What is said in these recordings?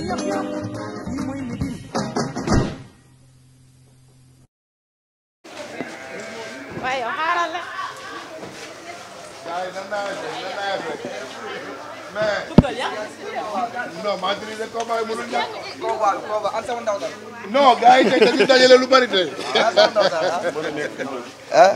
yëpp yëpp lii mooy Médine waaye yow xaaral la mais non maa dirigé combat daal. lu bari tey. ah.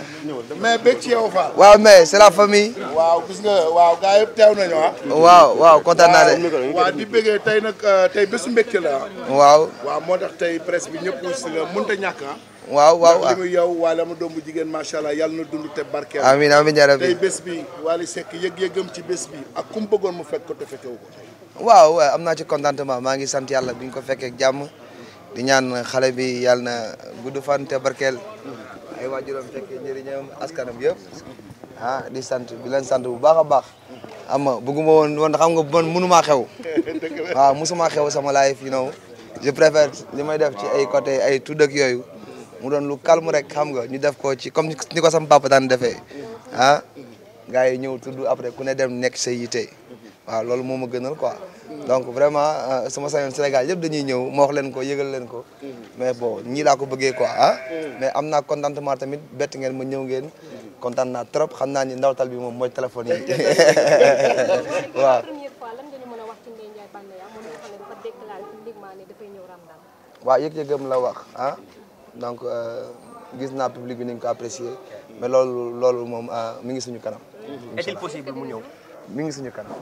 waaw mais c'est la famille. waaw gis nga waaw gars ah. waaw waaw kontaan naa de. waaw di bëggee tey nag euh, tey bésu mbégte la ah. waaw. waaw moo tax tey presse bi ñëpp si la mënut a ñàkk ah. waaw waaw li yow waale ama doom bu jigéen macha allah yàlla na dund te barkeel. amiin amiin yaa rabbi tey bés bi Wally Seck yëg-yëgam ci bés bi ak ku bëggoon mu fekk ko te fekkewu ko. waaw am naa ci contentement maa ngi sant yàlla bi ñu ko fekkee jàmm di ñaan xale bi yàlla na gudd fan te barkeel. ay waajuram fekkee njëriñam askanam yëpp. ah di sant di leen sant bu baax a baax. am ma bëgguma woon woon xam nga man mënumaa xew. waaw mosumaa xew sama life you naw je préfère li may def ci ay côté ay tudd ak yooyu. mu doon lu calme rek xam nga ñu def ko ci comme ni ko sama papa daan defee ah gars ñëw tudd après ku ne dem nekk sa yite waaw loolu moom ma gënal quoi donc vraiment euh, sama sañoon Sénégal yëpp dañuy ñëw ma wax leen ko yëgal leen ko mais bo ñii laa ko bëggee quoi ah mais am naa contentement tamit bett ngeen ma ñëw ngeen kontaan naa trop xam naa ni ndawtal bi moom mooy téléphone yi waaw yëg-yëgam la wax ah. donc euh, gis naa public bi nañ ko apprécier mais loolu loolu moom euh, mi ngi suñu kanam. est-il possible mu ñëw. mi ngi suñu kanam.